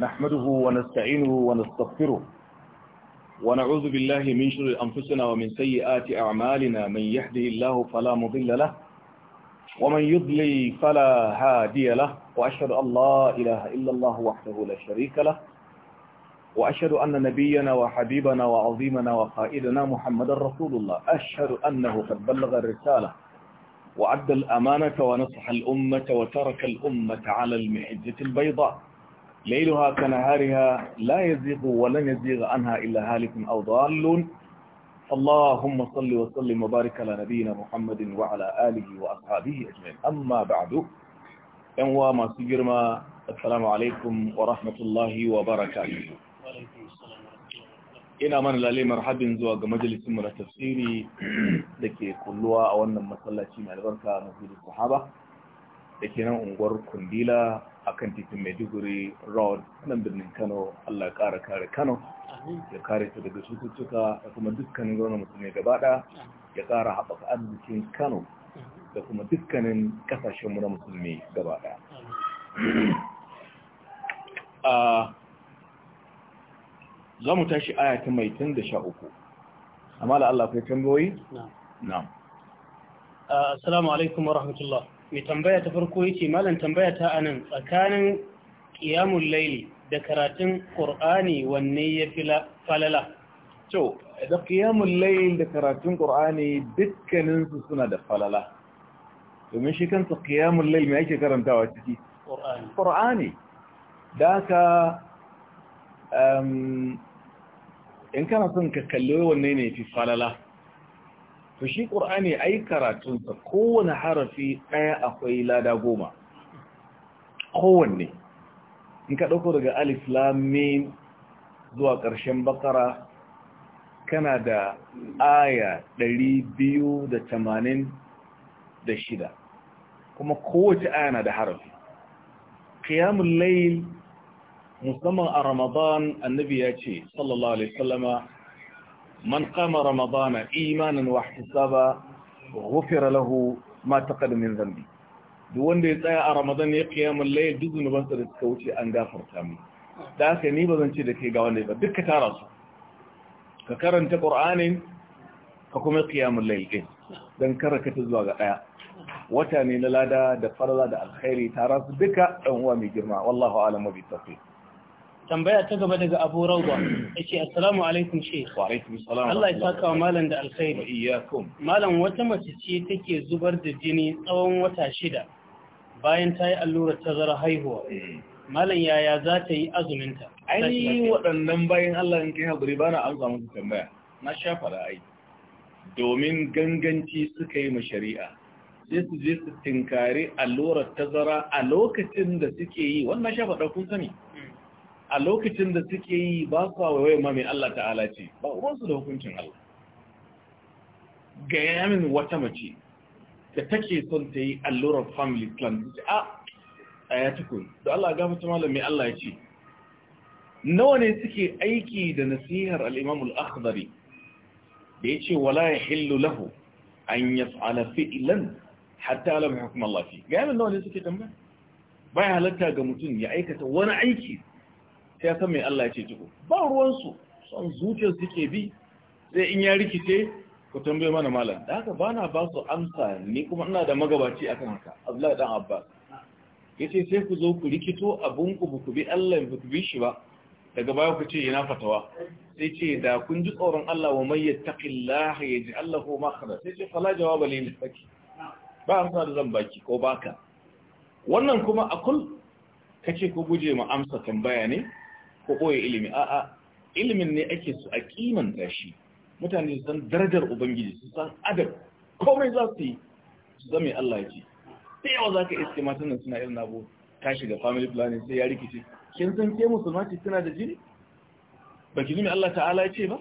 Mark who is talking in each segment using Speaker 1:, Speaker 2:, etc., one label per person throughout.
Speaker 1: نحمده ونستعينه ونستغفره ونعوذ بالله من شر أنفسنا ومن سيئات أعمالنا من يهده الله فلا مضل له ومن يضلل فلا هادي له وأشهد أن لا إله إلا الله وحده لا شريك له وأشهد أن نبينا وحبيبنا وعظيمنا وقائدنا محمد رسول الله أشهد أنه قد بلغ الرسالة وعد الأمانة ونصح الأمة وترك الأمة على المحجة البيضاء ليلها كنهارها لا يزيغ ولن يزيغ عنها إلا هالك أو ضال اللهم صل وسلم وبارك على نبينا محمد وعلى آله وأصحابه أجمعين أما بعد أنوا ما سجرما السلام عليكم ورحمة الله وبركاته ina mana lalle marhabin zuwa ga majalisin mu na tafsiri dake kulluwa a wannan masallaci mai albarka masjidul sahaba da ke nan unguwar kundila a kan titin maiduguri road nan birnin kano allah kara kare kano ya kare ta daga cututtuka da kuma dukkanin zaune musulmi gabaɗa ya kara haɓaka arzikin kano da kuma dukkanin ƙasashenmu na musulmi gabaɗa ah, za mu tashi ayatun ta mai tun da sha uku amma da allah kai tambayoyi na
Speaker 2: ah, assalamu alaikum wa rahmatullah mai tambaya ta farko yake malam tambaya ta anan tsakanin qiyamul layli da karatun qur'ani wanne ya fi falala to da
Speaker 1: qiyamul layl da karatun qur'ani dukkanin su suna da falala domin shi kansa qiyamul layl me yake karantawa ciki qur'ani qur'ani da ka in kana son ka kalli wanne ne fi falala to shi ƙur'ani ai karatunsa kowane harafi ɗaya akwai lada goma kowanne in ka ɗauko daga alif lamin zuwa ƙarshen bakara kana da aya shida, kuma kowace aya na da harafi ƙiyamun layil musamman a ramadan annabi ya ce sallallahu alaihi sallama man kama ramadana imanan wa ihtisaba ghufira lahu ma taqaddama min duk wanda ya tsaya a ramadan ya qiyamul layl duk zunuban da suka wuce an gafarta mu da haka ni zan ce da kai ga wanda ba duka tara su ka karanta qur'anin ka kuma qiyamul layl din dan karaka ta zuwa ga daya wata ne na lada da farla da alkhairi tara su duka dan uwa mai girma wallahu alamu bi tawfiq
Speaker 2: tambaya ta gaba daga abu rauwa ya ce assalamu alaikum shi Allah ya saka wa malam da alkhairi malam wata mace ce take zubar da jini tsawon wata shida bayan ta yi allurar tazara haihuwa mm. malam yaya za ta yi azuminta ainihin waɗannan bayan Allah in kai haƙuri ba na amsa musu tambaya
Speaker 1: na shafa fara ai domin ganganci suka yi shari'a sai su je su tinkari allurar tazara a lokacin da suke yi wannan sha faɗa kun sani a lokacin da suke yi ba su waiwaye ma mai Allah ta'ala ce ba ruwansu da hukuncin Allah ga yamin wata mace da take son ta yi allurar family plan a a ya tukun da Allah gafa ta mai Allah ya ce nawa ne suke aiki da nasihar al'imamul akhdari da ya ce wala ya hillu lahu an yaf'ala fi'lan hatta lam hukum Allah ga yamin nawa ne suke tambaya baya halatta ga mutum ya aikata wani aiki sai ya san mai Allah ce jiko ba ruwansu son zuciyar suke bi sai in ya rikice ku tambaye mana malam da haka ba na ba su amsa ni kuma ina da magabaci akan haka abdullahi dan abbas ya ce sai ku zo ku rikito abinku ba ku bi Allah ba ku bi shi ba daga baya ku ce yana fatawa sai ce da kun ji tsoron Allah wa mai yattaqillaha yaj'al lahu makhraj sai ce fala jawaba lil faki ba amsa da zan baki ko baka wannan kuma akul kace ku guje mu amsa tambaya ne ko koya ilimi a'a ilimin ne ake su a kiman shi mutane su san darajar ubangiji su san adab komai za su yi su zama Allah ya ce sai yawa za ka iske matan nan suna irin abu ka shiga family planning sai ya rikice kin san ke musulma ce tana da jini ba ki nuna Allah ta'ala ya ce ba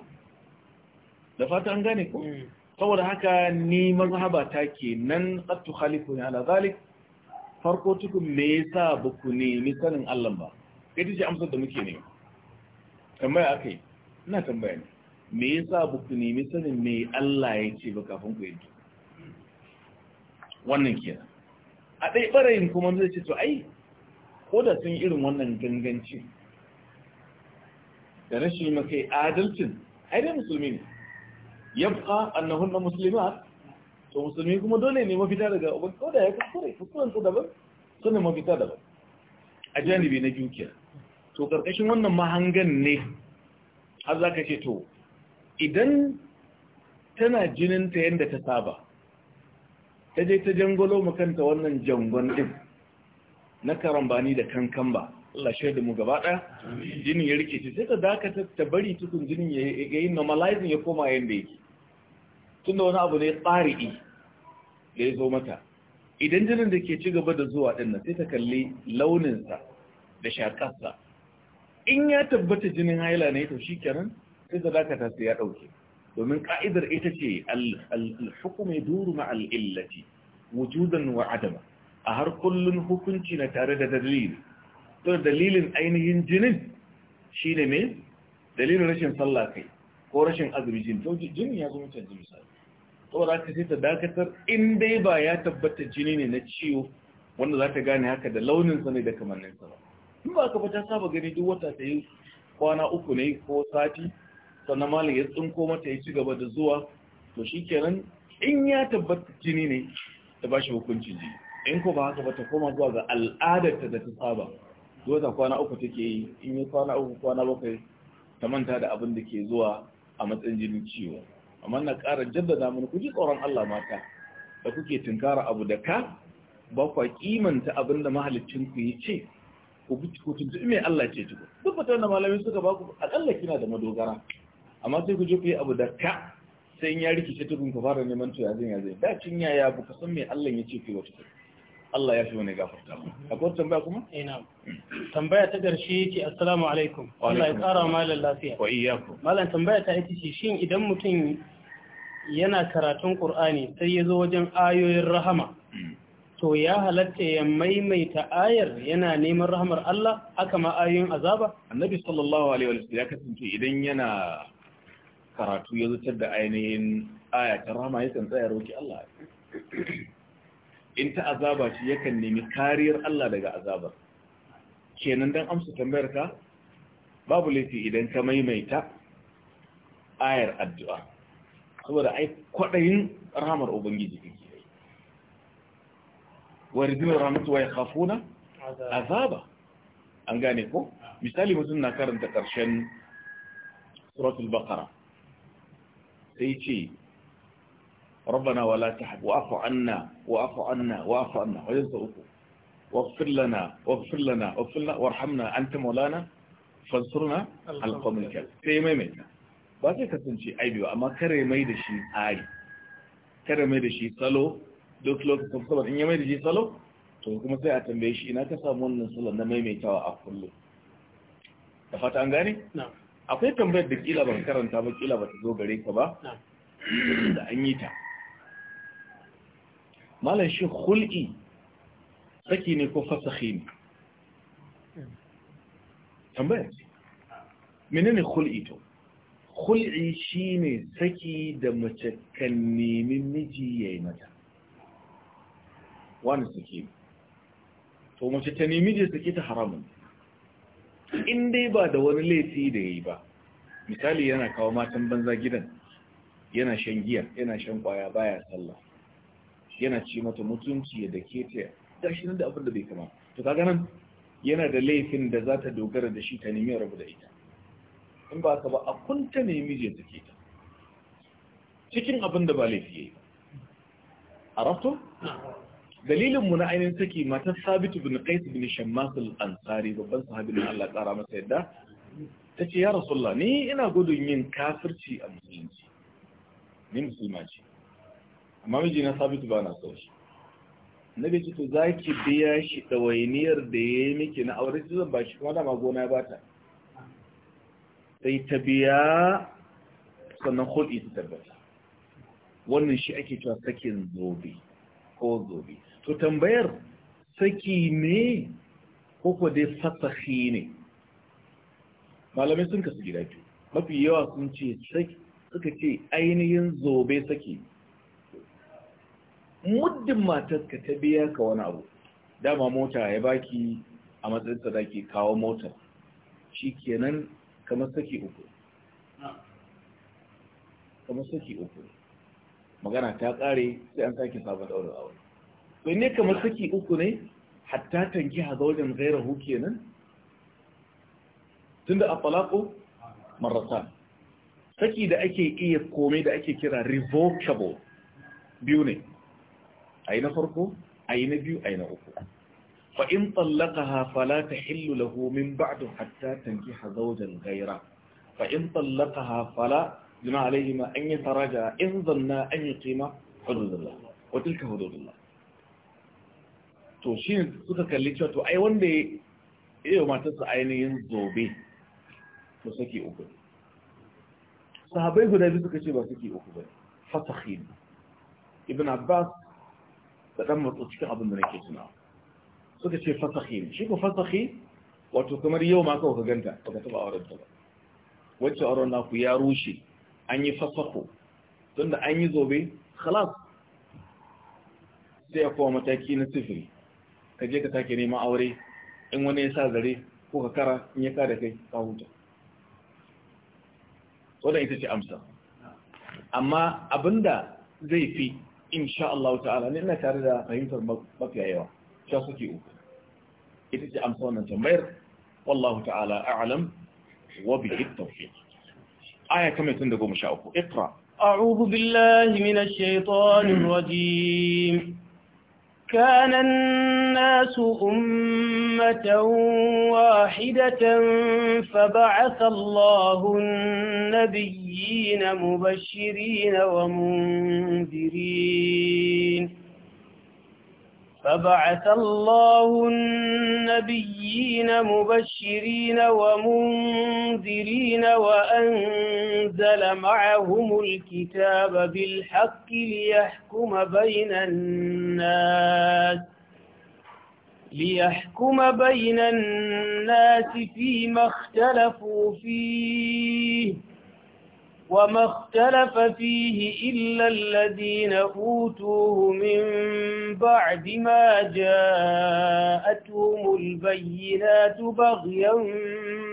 Speaker 1: da fata an gane ko mm. saboda haka ni mazhaba ta ke nan tsattu khalifu ni ala zalik farko tukun me yasa ba ku sanin Allah ba kai ce amsar da muke ne. tambaya aka yi ina tambaya ne me yasa sa ku nemi sanin me Allah ya ce ba kafin ku yadda wannan kenan a ɗai ɓarayin kuma zai ce to ai ko da sun irin wannan ganganci da rashin makai adalcin ai dai musulmi ne yabqa annahunna muslimat to musulmi kuma dole ne mafita daga ubangiji ko da ya kuskure kuskuren su daban sunan mafita daban a janibi na dukiya to ƙarƙashin wannan mahangan ne har za ka ce to idan tana jininta yadda ta saba ta je ta jangolo makanta wannan jangon ɗin na karambani da kankan ba Allah da mu gaba ɗaya jinin ya rikice sai ta dakata ta bari tukun jinin ya yi normalizing ya koma yadda yake tunda wani abu ne tsari'i da ya zo mata idan jinin da ke ci gaba da zuwa ɗin sai ta kalli launinsa da shakarsa in ya tabbata jinin haila ne to shikenan sai da zaka ta ya dauke domin ka'idar ita ce al-hukm yaduru ma al-illati wujudan wa adama a har kullun hukunci na tare da dalili to dalilin ainihin jinin shine me dalilin rashin sallah kai ko rashin azumi jin to jinin ya zo mutan jini sai to za ka sai ta dakatar in dai ba ya tabbata jini ne na ciwo wanda za ta gane haka da launin sa ne da kamannin sa ba in ba ka ta saba gani duk wata ta yi kwana uku ne ko sati sannan malam ya tsinko mata ya ci gaba da zuwa to shi kenan in ya tabbata jini ne ta ba shi hukunci in ko ba haka ba ta koma zuwa ga al'adarta da ta saba wata kwana uku take yi in yi kwana uku kwana bakwai ta manta da abin da ke zuwa a matsayin jinin ciwo amma na ƙara jaddada mana ku ji tsoron Allah mata da kuke tunkara abu da ka ba kwa kimanta abin da mahalicin ku yi ce ku bi ko tuntuɓi mai Allah ce tuku duk fitar da malamai suka ba ku akalla kina da madogara amma sai ku je ku yi abu da ka sai in ya rikice tukun ku fara neman tuya zin ya zai da cin ya ba ka san me Allah ya ce ku yi wata Allah ya fi wani gafarta mu akwai tambaya kuma
Speaker 2: ina eh, tambaya
Speaker 1: ta ƙarshe ce
Speaker 2: assalamu alaikum Allah ya ƙara malam
Speaker 1: lafiya wa iyyakum
Speaker 2: malam tambaya ta ita ce shin idan mutum yana karatun Qur'ani sai ya zo wajen ayoyin rahama hmm. to ya halatta ya maimaita ayar yana neman rahmar Allah haka ma ayoyin azaba annabi sallallahu alaihi wasallam ya kasance idan yana karatu ya zutar
Speaker 1: da ainihin ta rahma ya san tsaya roki Allah in ta azaba shi yakan nemi kariyar Allah daga azabar kenan dan amsa tambayar ka babu laifi idan ka maimaita ayar addu'a saboda ai kwadayin rahmar ubangiji waridina rahmatu wa ya kafuna azaba an gane ko misali mutum na karanta ƙarshen suratul baqara sai ce rabbana wala tahab wa afu anna wa afu anna wa واغفر لنا واغفر لنا واغفر لنا وارحمنا مولانا فانصرنا على القوم الكافرين sai mai ba sai kasance aibi ba amma kare mai da shi kare mai da shi salo duk lokacin salat in ya mai da shi salo to kuma sai a tambaye shi ina ka samu wannan salat na maimaitawa a kullum da fata an gane akwai tambayar da kila ban karanta ba kila ba ta zo gare ka ba da an yi ta malam shi hul'i saki ne ko fasahi ne tambayar menene hul'i to hul'i shi ne saki da mace kan nemi miji ya yi mata wani suke to mace ta nemi je suke ta haramun in dai ba da wani laifi da ya yi ba misali yana kawo matan banza gidan yana shan giya yana shan kwaya baya sallah yana ci mata mutunci da ke ta gashi nan da abin da bai kama to kaga nan yana da laifin da za ta dogara da shi ta nemi rabu da ita in ba ka ba a kunta nemi je suke ta cikin abin da ba laifi ya yi ba rafto dalilin mu na ainihin saki matar sabitu bin qais bin shammas al-ansari babban sahabin Allah tsara masa yadda tace ya rasulullah ni ina gudun yin kafirci a musulunci ni musulma ce amma miji na sabitu ba na so shi nabi ce to zaki biya shi dawainiyar da yayi miki na aure shi zan bashi kuma dama gona ya bata sai ta biya sannan hulɗi ta tabbata wannan shi ake cewa sakin zobe ko zobe to tambayar saki ne ko ko dai fasahi ne malamai sun kasu gida biyu mafi yawa sun ce suka ce ainihin zobe saki muddin ka ta biya ka wani abu dama mota ya baki a matsayin sadaki kawo mota. shi kenan kamar saki uku kamar saki uku magana ta kare sai an sake sabon a aure to ne kamar saki uku ne hatta tanki hazaujan gairahu kenan tunda a talaqu marratan saki da ake iya komai da ake kira revocable biyu ne ayi na farko ayi na biyu ayi na uku in tallaqaha fala tahillu lahu min ba'du hatta tankiha zawjan ghayra fa in tallaqaha fala juna alayhima an in an wa tilka to shi suka kalli cewa to ai wanda ya yi wa matarsa ainihin zobe to sake uku ne sahabai guda biyu suka ce ba sake uku ba fatahin ibn abbas da dan matsu cikin abin da nake tunawa suka ce fasahi shi ko fasahi wato kamar yau ma kawai ka ganta baka taba auren ta ba wacce auren naku ya rushe an yi fasaho tunda an yi zobe khalas sai ya kowa mataki na sifiri ka je ka sake neman aure in wani ya sa zare ko ka kara in ya kada kai ka huta wadda ita ce amsa amma abinda zai fi insha Allah ta'ala ne ina tare da fahimtar mafiya yawa sha suke uku ita ce amsa wannan tambayar wallahu ta'ala a'lam wa bihi tawfiq aya ta 113 اقرا
Speaker 2: اعوذ بالله من الشيطان الرجيم كان الناس أمة واحدة فبعث الله النبيين مبشرين ومنذرين فبعث الله النبيين مبشرين ومنذرين وأنزل معهم الكتاب بالحق ليحكم بين الناس ليحكم بين الناس فيما اختلفوا فيه وما اختلف فيه إلا الذين أوتوه من بعد ما جاءتهم البينات بغيا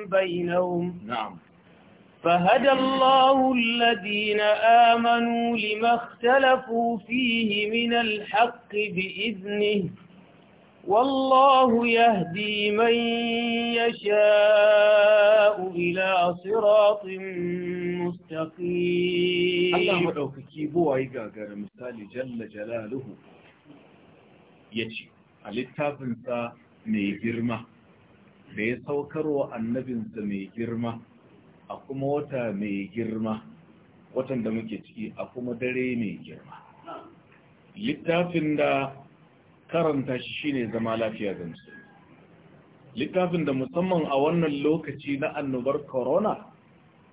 Speaker 2: بينهم نعم فهدى الله الذين آمنوا لما اختلفوا فيه من الحق بإذنه والله يهدي من يشاء إلى صراط مستقيم الله
Speaker 1: مدوكي بواي غاغر مثال جل جلاله يجي littafinsa mai girma da ya saukarwa annabinsa mai girma a kuma wata mai girma watan da muke ciki a kuma dare mai girma littafin da karanta shi shine zama lafiya da musulmi littafin da musamman a wannan lokaci na annobar corona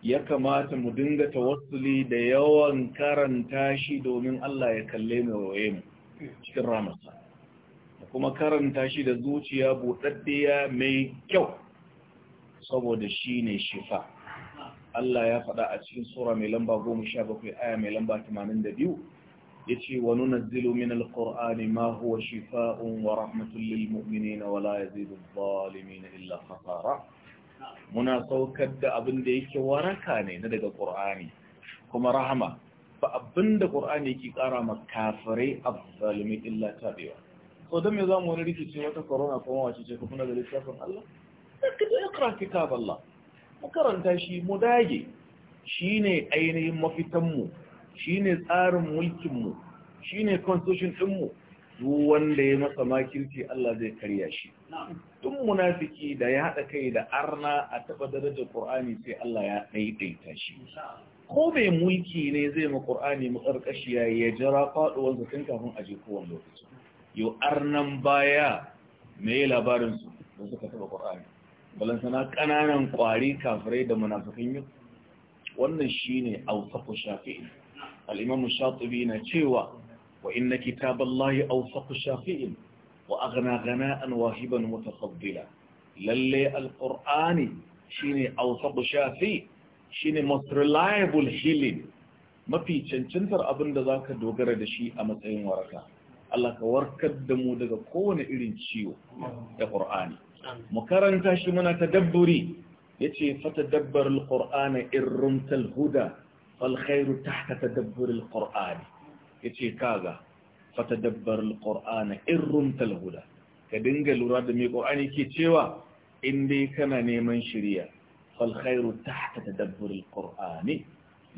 Speaker 1: ya kamata mu dinga tawassuli da yawan karanta shi domin Allah ya kalle mu waye mu cikin ramasa kuma karanta shi da zuciya buɗaɗɗiya mai kyau saboda shi ne shifa Allah ya faɗa a cikin sura mai lamba 17 aya mai lamba 82 yace wa nunazzilu min alqur'ani ma huwa shifa'un wa rahmatun lil na wa la yazidu adh na illa fasara. muna saukar da abin da yake waraka ne na daga ƙur'ani kuma rahama ba abinda da yake kara ma kafirai adh-dhalimin illa tabiwa so dan me mu wani rikici wata korona kuma wace ce kuma da littafin Allah ka je ikra kitab Allah mu karanta shi mu dage shine ainihin mafitan mu shine tsarin mulkinmu shine constitution ɗinmu duk wanda ya masa makirci Allah zai karya shi tun munafiki da ya haɗa kai da arna a taɓa darajar ƙur'ani sai Allah ya ɗaiɗaita shi ko mai mulki ne zai ma ƙur'ani yayi ya jira faɗuwansa tun kafin a je kowane lokaci yau arnan baya me labarinsu da suka taɓa balan balansana kananan ƙwari kafirai da munafikan yau wannan shine ausafu shafi'i الإمام الشاطبي نتيوى وإن كتاب الله أوثق شافئ وأغنى غناء واهبا متفضلا للي القرآن شيني أوثق شافئ شيني مطرلائب الهيلين ما في تنتر أبن ذاك دوغر دشي أما تأين وركا الله كورك الدمو دقا كون إلين تشيو يا قرآني مكارن تاشي منا تدبري يتي فتدبر القرآن إرمت الهدى falkhairu tahta tadabbur alqur'ani yace kaga fatadabbar alqur'ana irrum talhuda ka dinga lura da me qur'ani ke cewa in dai kana neman shiriya falkhairu tahta tadabbur alqur'ani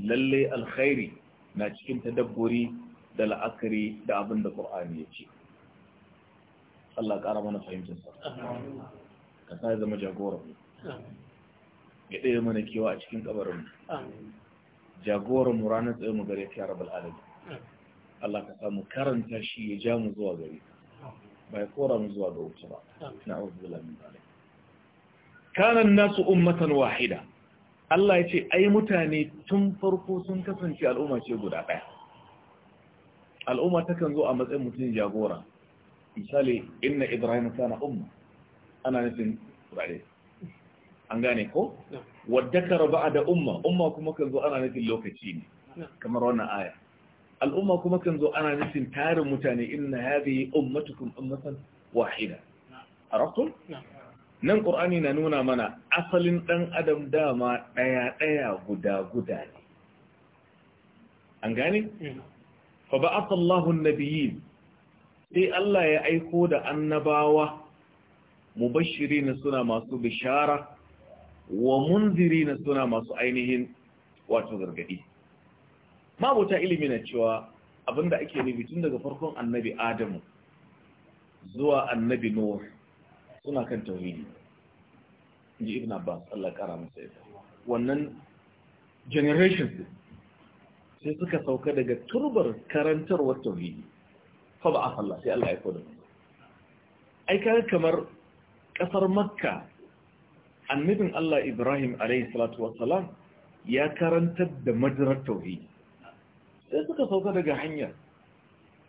Speaker 1: lalle alkhairi na cikin ta tadabburi da la'akari da abinda ƙur'ani yace Allah ƙara mana fahimtar zama jagora ya ɗaya mana kewa a cikin kabarin jagoran mu ranar tsaye mu gare ya rabbal Allah ka samu karanta shi ya ja mu zuwa gari. bai kora mu zuwa ga wuce ba na'udhu billahi min zalik Kanan nasu ummatan wahida Allah ya ce ai mutane tun farko sun kasance al'umma ce guda ɗaya al'umma takan zo a matsayin mutum jagora misali inna ibrahim kana umma ana nufin kurare an gane ko wadda ka raba da umma umma kuma kan zo ana nufin lokaci ne kamar wannan aya al'umma kuma kan zo ana nufin tarin mutane inna hadhihi ummatukum ummatan wahida arabtum nan ƙur'ani na nuna mana asalin ɗan adam dama ɗaya ɗaya guda guda ne an gane fa ba'atha Allahu an-nabiyyin sai Allah ya aiko da annabawa na suna masu bishara wa munziri na suna masu ainihin wato gargadi mabuta ilimi na cewa abinda ake nufi tun daga farkon annabi adamu zuwa annabi nuh suna kan tauhidi ji ibn abbas Allah kara masa yadda wannan generation sai suka sauka daga turbar karantarwar tauhidi fa ba a sai Allah ya kodin ai kamar kasar makka annabin Allah Ibrahim alaihi salatu ya karantar da madarar Tauhi. sai suka sauka daga hanya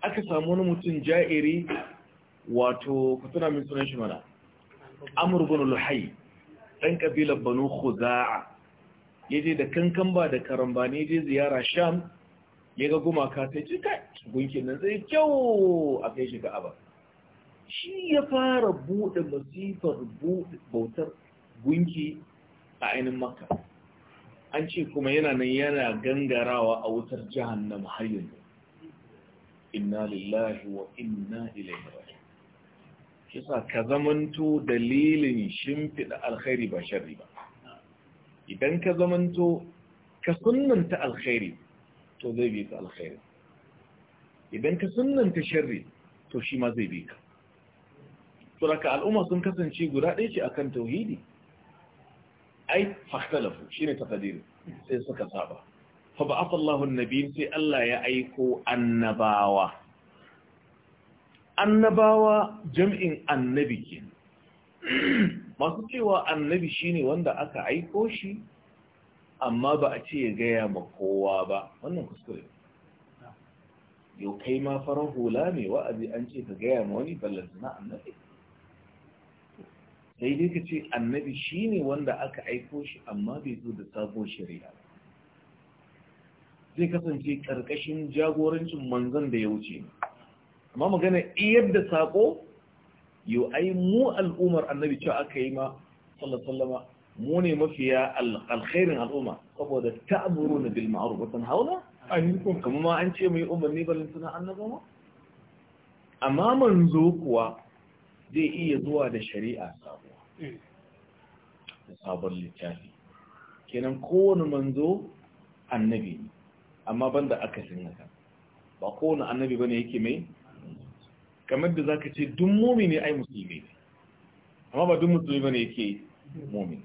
Speaker 1: aka samu wani mutum ja'iri wato ka min sunan shi mana amr bin luhay dan kabilar banu khuza'a yaje da kankan ba da karamba ne yaje ziyara sham ya ga gumaka ta ce kai gunkin nan sai kyau a kai shi ga aba shi ya fara buɗe masifar bautar gunki a ainihin maka, an ce kuma yana nan yana gangarawa a wutar jahannama har yanzu inna lillahi wa inna ilaihi raji shi sa ka zamanto dalilin shimfiɗa alkhairi ba sharri ba idan ka zamanto ka sunanta alkhairi to zai bi ka alkhairi idan ka sunanta sharri to shi ma zai bi ka suraka al'umma sun kasance guda ɗaya ce akan tauhidi ai fahtalafu ne taqdir sai suka saba fa ba'atha Allahu an-nabiyyin sai Allah ya aiko annabawa
Speaker 2: annabawa
Speaker 1: jam'in annabi ke masu cewa annabi ne wanda aka aiko shi amma ba a ce ya gaya ma kowa ba wannan kuskure yau kai ma farar hula mai wa'azi an ce ka gaya ma wani ballantana annabi sai dai ka ce annabi shi ne wanda aka aiko shi amma bai zo da sabo shari'a zai kasance karkashin jagorancin manzon da ya wuce amma magana iyar da sako yau ai mu al'ummar annabi cewa aka yi ma sallallahu mu ne mafiya alkhairin al'umma saboda ta'muruna bil ma'ruf wa tanhauna kuma ma an ce mai umarni balin suna annabawa amma manzo kuwa zai iya zuwa da shari'a da sabon littafi kenan kowane manzo annabi ne amma banda akasin haka ba kowane annabi bane yake mai kamar da zaka ce duk ne ai musulmi ne amma ba duk musulmi bane yake mu'mini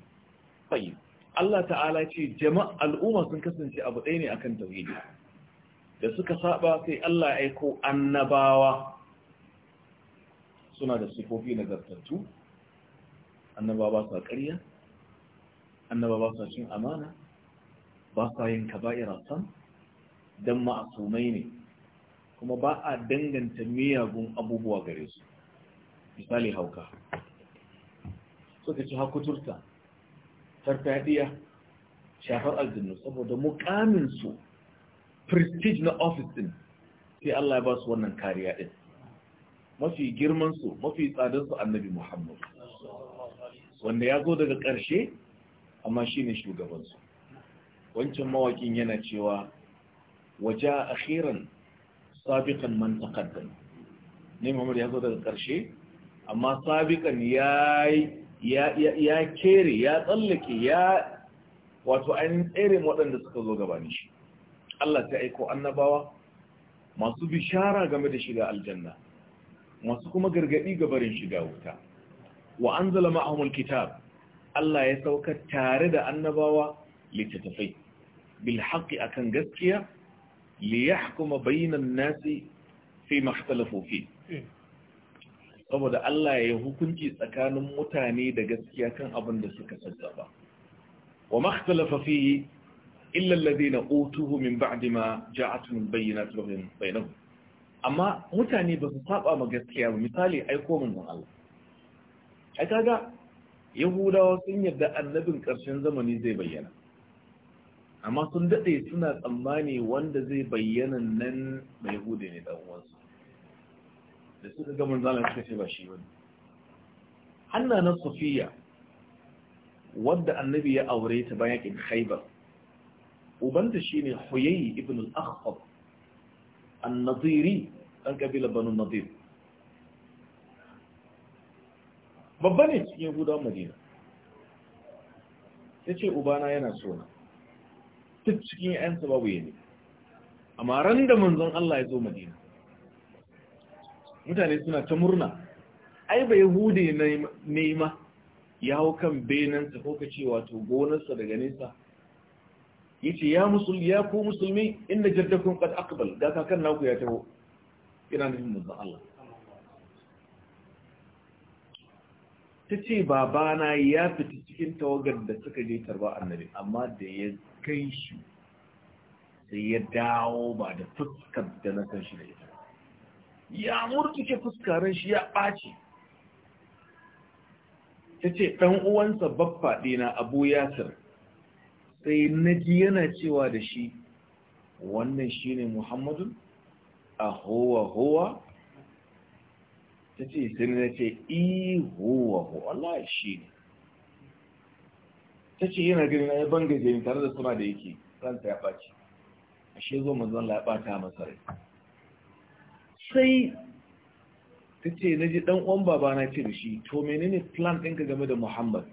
Speaker 1: tayyib Allah ta'ala ce jama'a al'umma sun kasance abu ɗaya ne akan tauhidi da suka saba sai Allah ya aiko annabawa suna da sifofi nagartattu annaba ba sa ƙarya annaba ba sa cin amana ba sa yin kaba'ira san don ma'asumai ne kuma ba a danganta miyagun abubuwa gare su misali hauka suka ci hakuturta farfadiya shafar aljinnu saboda mukaminsu prestige na office din sai Allah ya ba su wannan kariya din mafi girmansu mafi tsadansu annabi Muhammad wanda ya zo daga ƙarshe amma shi ne shugabansu wancan mawakin yana cewa waje a akhiran sabikan man taqaddam ne Muhammad ya zo daga ƙarshe amma sabikan ya kere ya tsallake ya wato ainihin tsere waɗanda suka zo ni shi Allah ta aiko annabawa masu bishara game da shiga aljanna masu kuma gargaɗi ga barin shiga wuta wa anzala ma'ahum alkitab Allah ya sauka tare da annabawa littattafai bil haqqi akan gaskiya li kuma bainan nasi fi ma eh. saboda Allah ya hukunci tsakanin mutane da gaskiya kan abin da suka sassaba wa ma ikhtalafa fi illa utuhu min ba'di ma ja'atuhum bayyinatun bainahum amma mutane ba su saba ma gaskiya ba misali aiko manzon Allah kaga yahudawa sun yadda annabin ƙarshen zamani zai bayyana amma sun daɗe suna tsammani wanda zai bayyana nan mai yahudi ne ɗan uwansu da suka ga manzalan suka ce ba shi wani hanna na sofiya wadda annabi ya aure ta bayan in khaibar ubanta shine huyayi ibn al-akhfar an-nadiri dan kabilar banu nadir babba ne cikin yahudawan madina ya ce ubana yana sona duk cikin ‘yansa babu yane amma ran da manzon Allah ya zo madina mutane suna ta murna ai ba yahude nema ya hau kan benansa ko ka ce wato gonarsa daga nesa ya ce ya musulmi ya ku musulmi inda jaddakun kad akbal ga kakan naku ya taho ina nufin manzon Allah ta ce babana ya fita cikin tawagar da suka je tarba annabi amma da ya kai shi sai ya dawo ba da fuskar da na san shi da ita ya murtuke fuskarin shi ya ɓace. ta ce ɗan uwansa babba ɗina abu yasir sai na ji yana cewa da shi wannan shi ne muhammadun a howa howa ta ce sai na ce ihuwahu, Allah shi ne ta ce yana gani na ya bangaje ni tare da suna da yake ranta ya ɓaci ashe zo manzon la masa rai sai ta ce na ji ɗan uwan babana ce da shi to menene plan ɗinka game da muhammad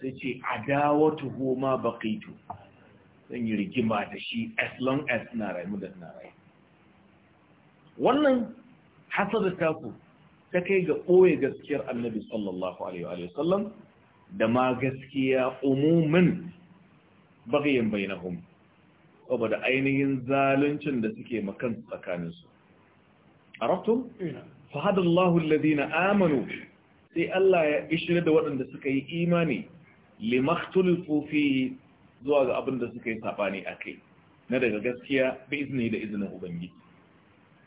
Speaker 1: sai ce a dawatu ma baƙaitu zan yi rigima da shi as long as na mu da na rai. wannan hasar da taku ta kai ga ɓoye gaskiyar annabi sallallahu alaihi wasallam da ma gaskiya umumin bagayen bainahum saboda ainihin zaluncin da suke makan tsakaninsu arabtum fahadallahu alladhina amanu sai Allah ya ishira da waɗanda suka yi imani limakhtulifu fufi zuwa ga abin da suka yi sabani kai na daga gaskiya bi izini da izinin ubangiji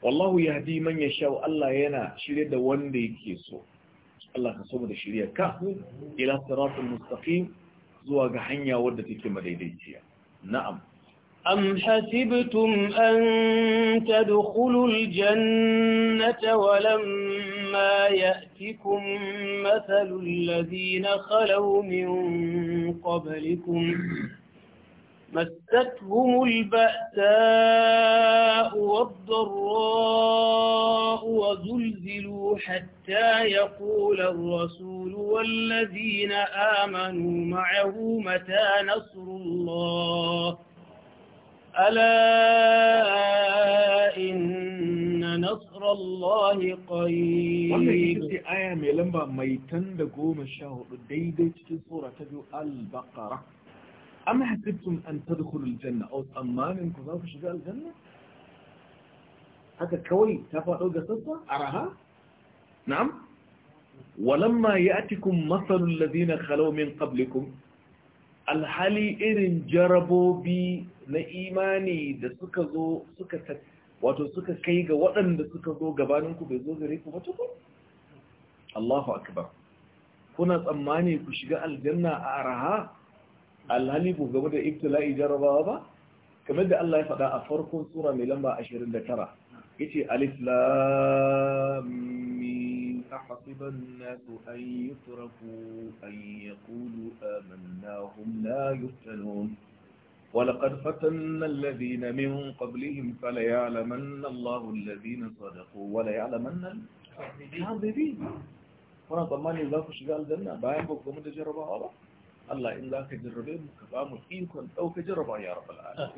Speaker 1: wallahu yahdi man yasha Allah yana shirye da wanda yake so Allah ka so mu da shiriya ka ila siratul mustaqim zuwa ga hanya wadda take madaidaiciya
Speaker 2: na'am am hasibtum an tadkhulu aljannata wa jannata ya'tikum mathalu alladhina khalu min qablikum مستهم البأساء والضراء وزلزلوا حتى يقول الرسول والذين آمنوا معه متى نصر الله ألا إن نصر الله قريب wannan ita
Speaker 1: ce aya mai lamba mai tan da goma sha am hasibtum an tadkhulu aljanna aw tsammanin ku shiga aljanna haka kawai ta faɗo ga sassa araha na'am walamma ya'tikum masalul ladina khalaw min qablikum alhali irin jarabobi na imani da suka zo wato suka kai ga waɗanda suka zo gabaninku bai zo gare ku ba tukun Allahu akbar kuna tsammani ku shiga aljanna a araha alhali bu gaba da ibtila'i jarabawa ba kamar da Allah ya faɗa a farkon sura mai lamba 29 yace alif lam mim ahasiban nasu an yutraku an yaqulu amanna hum la yuftanun ولقد فتنا الذين من قبلهم فليعلمن الله الذين صدقوا وليعلمن الكاذبين وانا ضماني ذاك شغال دنا باين بكم تجربه الله Allah in za ka jarrabe mu ka ba mu ikon ɗauka jaraba ya rabbal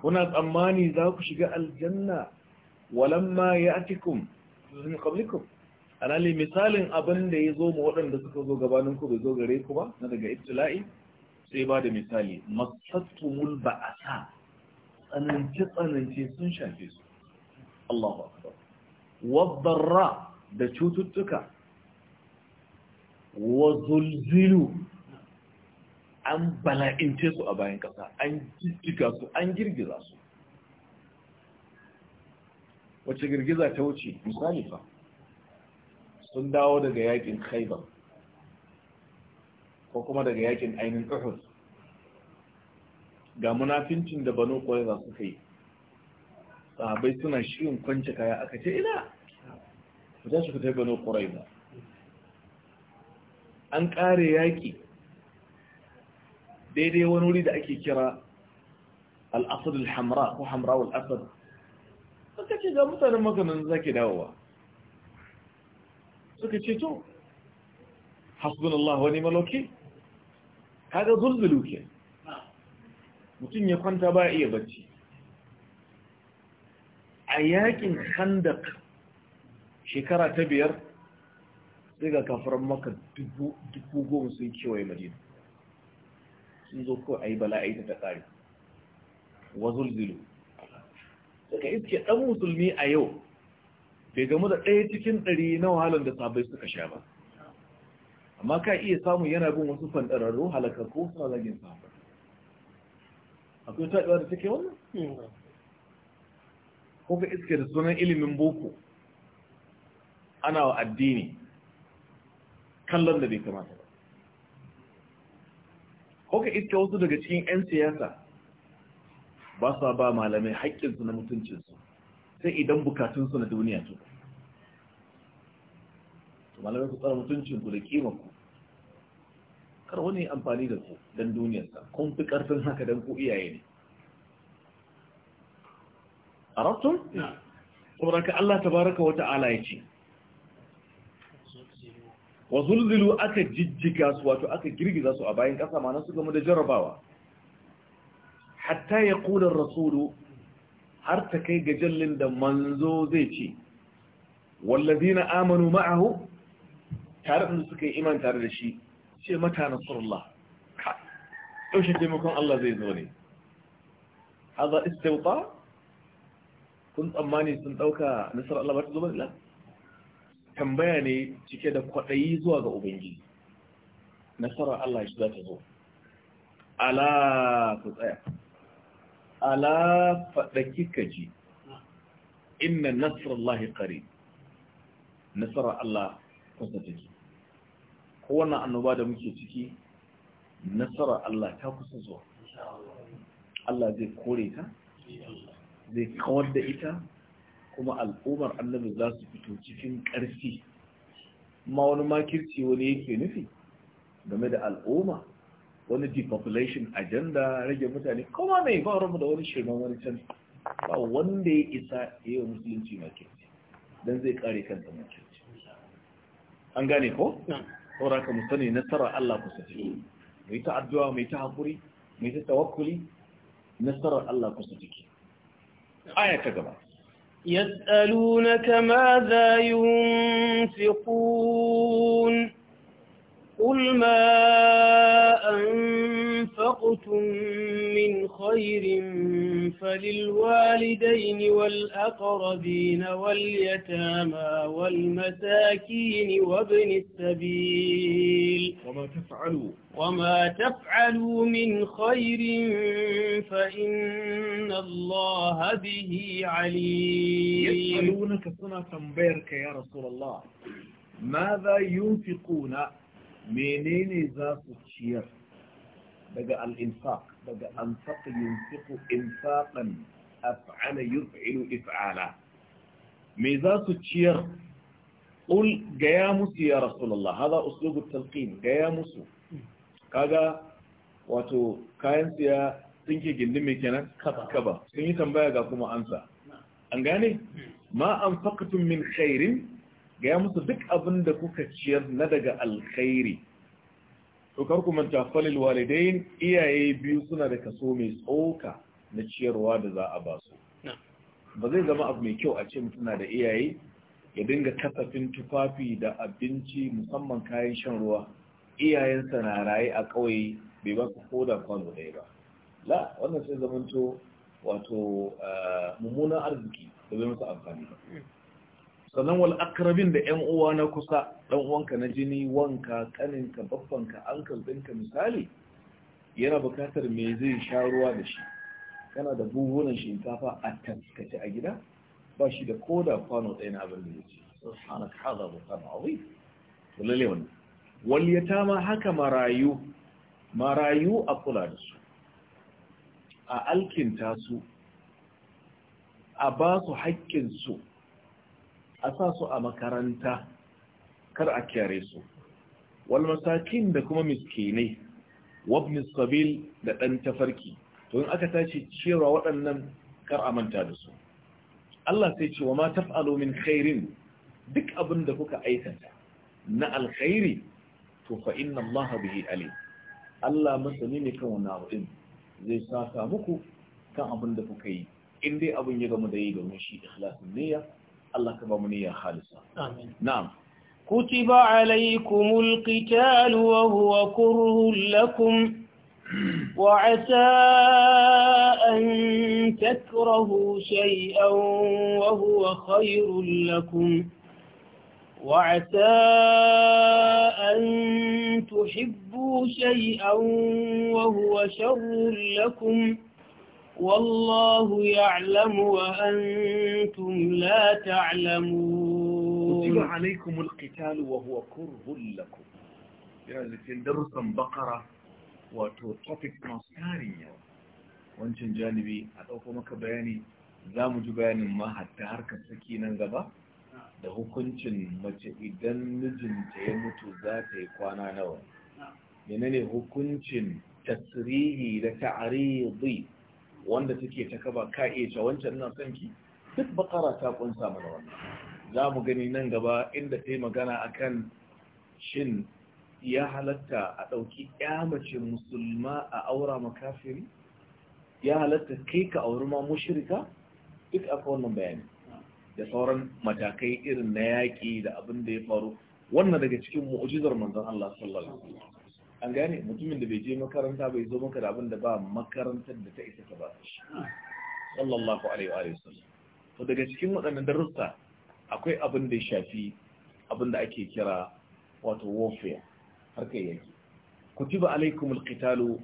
Speaker 1: kuna tsammani za ku shiga aljanna walamma ya'tikum min qablikum alali misalin abin da ya zo mu waɗanda suka zo gabanin ku bai zo gare ku ba na daga ibtila'i sai ba da misali masattumul sa tsananci tsananci sun shafe su Allahu da cututtuka wa an bala'ince su a bayan ƙasa an jijjiga su an girgiza su wacce girgiza ta wuce misali fa sun dawo daga yakin khaibar ko kuma daga yakin ainihin uhud ga munafincin da banu ƙwararra suka yi sahabai suna shirin kwanci kaya aka ce ina ku ta shi ku ta yi banu ƙwararra an ƙare yaƙi daidai wani wuri da ake kira al'asar al-hamra ko hamra al'asar suka ce ga mutanen makanan zaki dawowa suka ce to hasbun Allah wani maloki kaga zulzulu ke mutum ya kwanta ba iya bacci a yaƙin handak shekara ta biyar sai ga kafaran maka dubu goma sun kewaye madina sun zo kawai a yi bala'ai ta tsari wa zulzulu suka iske ɗan musulmi a yau bai gamu da ɗaya cikin ɗari na wahalar da sabai suka sha ba amma ka iya samu yana bin wasu fanɗararru ko suna zagin sabai akwai taɗewa da take wannan ko ka iske da sunan ilimin boko ana wa addini kallon da bai kamata ba kuka iska wasu daga cikin 'yan siyasa ba sa ba malamai haƙƙinsu na mutuncinsu sai idan bukatunsu na duniya tuka malamai su tsara mutuncinku da kimanku kar wani amfani da ku don duniyarsa kun fi ƙarfin haka don ku iyaye ne a raftun? saboda ka Allah ta baraka wata ala ya ce wa aka jijjiga su wato aka girgiza su a bayan ƙasa ma su game da jarabawa hatta ya ƙunar rasulu har ta kai ga da manzo zai ce wallazi na amanu ma'ahu tare da suka yi iman tare da shi ce mata nasarullah ka yaushe taimakon Allah zai zo ne haza istauta kun tsammani sun ɗauka nasarar Allah ba ta zo ba tambaya ne cike da kwaɗayi zuwa ga ubangiji nasarar Allah shi za ta zo ala ku tsaya ala faɗa ka ji inna Nasarar nasarallahi ƙari nasarar Allah kusa take kowane annoba da muke ciki nasarar Allah ta kusa zuwa Allah zai kore ta zai kawar da ita kuma al'ummar annabi za su fito cikin ƙarfi ma wani makirci wani yake nufi game da al'umma wani depopulation agenda rage mutane kuma mai ba rabu da wani shirman wani can ba wanda ya isa yi musulunci makirci don zai kare kanta makirci an gane ko? saura ka musani nasara Allah kusa ciki mai ta addu'a mai ta Hakuri, mai ta tawakkuli nasarar Allah kusa ciki
Speaker 2: aya ta gabata يسألونك ماذا ينفقون قل ما أنفقتم خير فللوالدين والأقربين واليتامى والمساكين وابن السبيل وما تفعلوا وما تفعلوا من خير فإن الله به عليم يسألونك سنة تنبيرك يا رسول الله
Speaker 1: ماذا ينفقون منين ذات الشير بدأ الإنفاق daga anfaqa yunfiqu infaqan af'ala yuf'ilu if'ala me za su ciyar qul gaya musu ya rasulullah hada uslubu talqin gaya musu kaga wato kayan siya sun ke gindin mai kenan kaba sun yi tambaya ga kuma ansa an gane hmm. ma anfaqtum min khairin gaya musu duk abin da kuka ciyar na daga alkhairi to karku manta falil walidain iyaye biyu suna da kaso mai tsoka na ciyarwa da za a basu. ba zai zama abu mai kyau a ce mutuna da iyaye ya dinga kasafin tufafi da abinci musamman kayan shan ruwa iyayensa na raye a ƙauye bai ba su koda kwano ɗaya ba la wannan sai zamanto wato eh, mummunan arziki da bai musu amfani ba mm. sannan wal akrabin da yan uwa na kusa ɗan uwanka na jini wanka kaninka babbanka ankal ɗinka misali yana bukatar me zai sha ruwa da shi kana da buhunan shinkafa a taskace a gida ba shi da koda kwano ɗaya na abin da ya ce subhanak hadha bukan azim to wani. wal yatama haka marayu marayu a kula da su a alkinta su a ba su haƙƙinsu a sa su a makaranta kar a kyare su wal masakin da kuma miskinai wabni da ɗan tafarki to in aka tashi cewa waɗannan kar a manta da su Allah sai ce wa ma taf'alu min khairin duk abin da kuka aikata na alkhairi to fa inna Allah bihi alim Allah masani ne kan wannan abin zai saka muku kan abin da kuka yi in dai abin ya gamu da yi domin shi ikhlasin niyya الله كما منية خالصة آمين نعم
Speaker 2: كتب عليكم القتال وهو كره لكم وعسى أن تكرهوا شيئا وهو خير لكم وعسى أن تحبوا شيئا وهو شر لكم والله يعلم وأنتم لا تعلمون كتب عليكم
Speaker 1: القتال وهو كره لكم يعني لكن درسا بقرة وتوتوبك مصارية wancan janibi a ɗauko maka bayani za mu ji bayanin ma hatta harkar saki nan gaba da hukuncin mace idan mijinta ya mutu za ta yi kwana nawa menene hukuncin tasrihi da ta'aridi wanda take ta kaba ka iya ce wancan ina son duk bakara ta kunsa mana wannan za mu gani nan gaba inda ta magana akan shin ya halatta a ɗauki mace musulma a aura makafiri ya halatta kai ka auri ma mushirika duk aka wannan bayani da sauran matakai irin na yaƙi da abin da ya faru wannan daga cikin mu'ujizar manzon Allah sallallahu alaihi wasallam an gane mutumin da bai je makaranta bai zo maka da abin da ba makarantar da ta isa ta ba shi sallallahu alaihi wa sallam to daga cikin waɗannan darussa akwai abin da ya shafi abin da ake kira wato warfare kai yaki kutiba alaikum alqitalu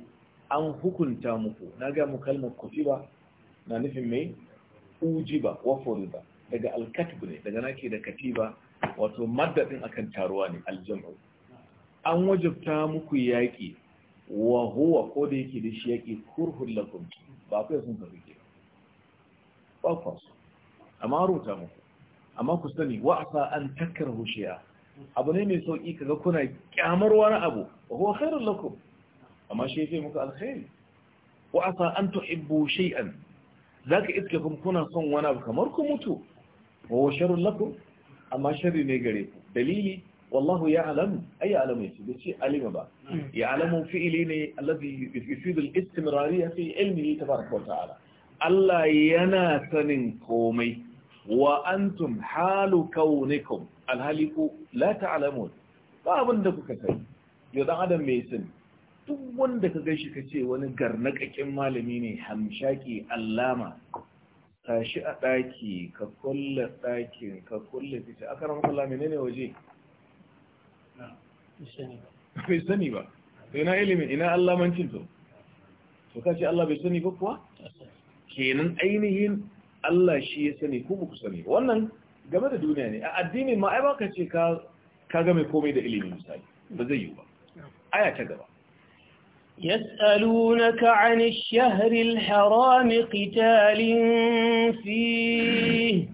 Speaker 1: an hukunta muku na ga mu kalmar kutiba na nufin mai ujiba wa furida daga alkatib ne daga nake da katiba wato madadin akan taruwa ne aljam'u an wajabta muku yaƙi wa huwa ko da yake da shi yaƙi kurhun lakum ba ku sun tafi ke ba ku su amma rubuta muku amma ku sani wa asa an takarhu shi'a abu ne mai sauki kaga kuna kyamar wani abu wa huwa khairul lakum amma shi yake muku alkhairi wa asa an tuhibbu shay'an zaka iske kun kuna son wani abu kamar ku mutu wa huwa sharrul lakum amma sharri ne gare ku dalili wallahu ya'lam ay ya'lamu yace bai ce alima ba hmm. alamu fi'ili ne alladhi yufidu al-istimrariyya fi ilmihi tabaraka wa ta'ala Allah yana sanin komai wa antum halu kaunikum alhaliku la ta'lamun ba abin da kuka sani yau dan adam mai duk wanda ka gaishe ka ce wani garnakakin malami ne hamshaki allama tashi a ɗaki ka kulle ɗakin ka kulle fita aka ramar kula waje bai sani ba ina ilimin ina Allah mancin to to kace Allah bai sani ba kuwa kenan ainihin Allah shi ya sani ku ku sani wannan game da duniya ne a addinin ma ai ba ka ce ka ka mai komai da ilimi misali ba zai yi ba
Speaker 2: aya ta gaba يسألونك عن الشهر الحرام قتال فيه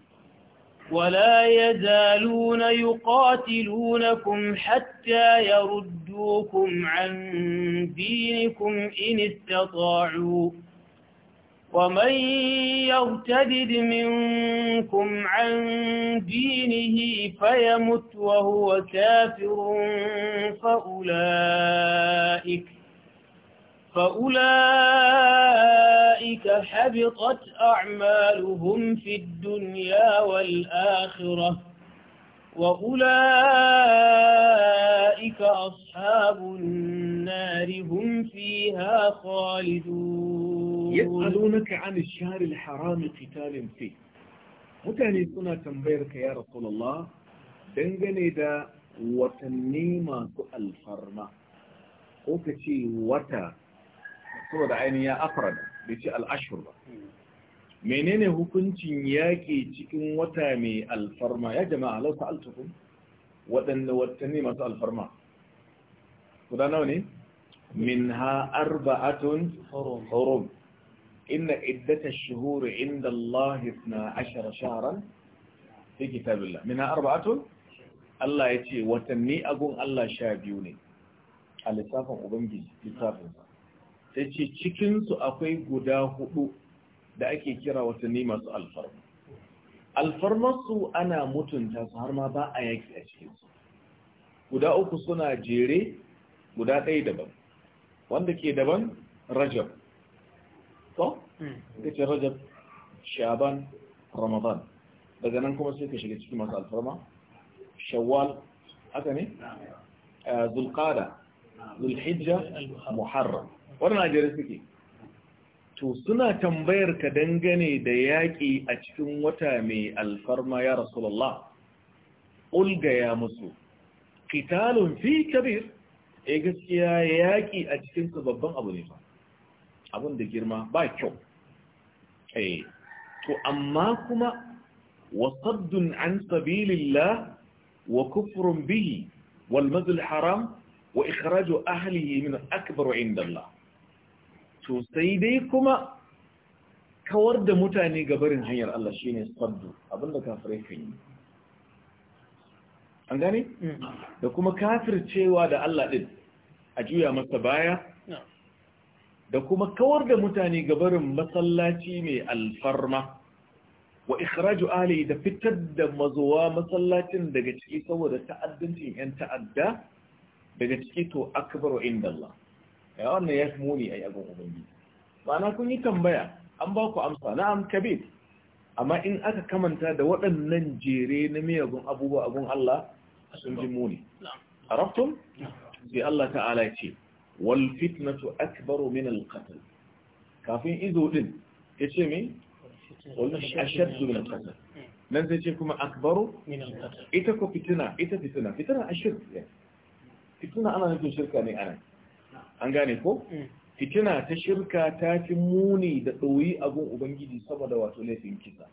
Speaker 2: ولا يزالون يقاتلونكم حتى يردوكم عن دينكم إن استطاعوا ومن يرتدد منكم عن دينه فيمت وهو كافر فأولئك فأولئك حبطت أعمالهم في الدنيا والآخرة وأولئك أصحاب النار هم فيها خالدون يسألونك
Speaker 1: عن الشهر الحرام قتال فيه mutane سنة تنبيرك يا رسول الله دنجني دا وتنيمة masu alfarma وتا saboda ainihin ya afrad da ce al'ashur ba menene hukuncin yaƙi cikin wata mai alfarma ya jama'a lausa altukun waɗanda watanni masu alfarma guda nawa ne min ha arba'atun horon inna iddata shuhuri inda Allah na ashara shaharan. fi kitabillah min ha arba'atun Allah ya ce watanni agun Allah sha biyu ne a lissafin Ubangiji lissafinsa sai ce cikinsu akwai guda hudu da ake kira watanni masu alfarma alfarmarsu ana mutunta su har ma ba a yaki a cikinsu guda uku suna jere guda ɗaya daban wanda ke daban rajab to? Hmm. ce rajab shaban ramadan daga nan kuma sai ka shiga cikin masu alfarma shawwal haka ne eh, zulqada zulhijja muharram wannan ajiyar suke to suna tambayar ka dangane da yaki a cikin wata mai alfarma ya rasulallah ulga ya musu qitalun fi kabir eh gaskiya yaki a cikin ka babban abu ne ba abun da girma ba kyau eh to amma kuma وصد عن سبيل الله وكفر به والمد الحرام وإخراج أهله من أكبر عند الله to sai dai kuma kawar da mutane ga barin hanyar Allah shine saddu abinda kafirai kan yi an gane da kuma kafircewa da Allah din a juya masa baya da kuma kawar da mutane ga barin masallaci mai alfarma wa ikhraju ali da fitar da mazuwa masallacin daga ciki saboda ta'addancin yan ta'adda daga ciki to akbar inda Allah ya wannan ya fi muni a yagon ubangiji ma'ana kun yi tambaya an ba ku amsa na'am kabir amma in aka kamanta da waɗannan jere na miyagun abubuwa abun Allah sun ji muni arabtum sai Allah ta'ala ce wal fitnatu akbaru min al qatl kafin izo din yace me wal ashaddu min al qatl nan sai ce kuma akbaru min al qatl ita ko fitina ita fitina fitina ashirk fitina ana nufin shirka ne anan an gane ko mm. fitina ta shirka ta fi muni da ɗoyi a gun ubangiji saboda wato laifin kisa